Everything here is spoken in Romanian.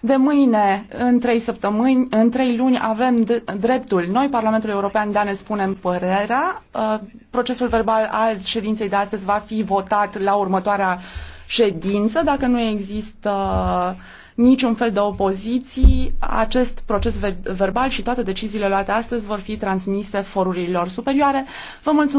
De mâine, în trei săptămâni, în trei luni, avem dreptul. Noi, Parlamentul European, de a ne spune părerea. Uh, procesul verbal al ședinței de astăzi va fi votat la următoarea ședință. Dacă nu există niciun fel de opoziții, acest proces verbal și toate deciziile luate astăzi vor fi transmise forurilor superioare. Vă mulțumesc!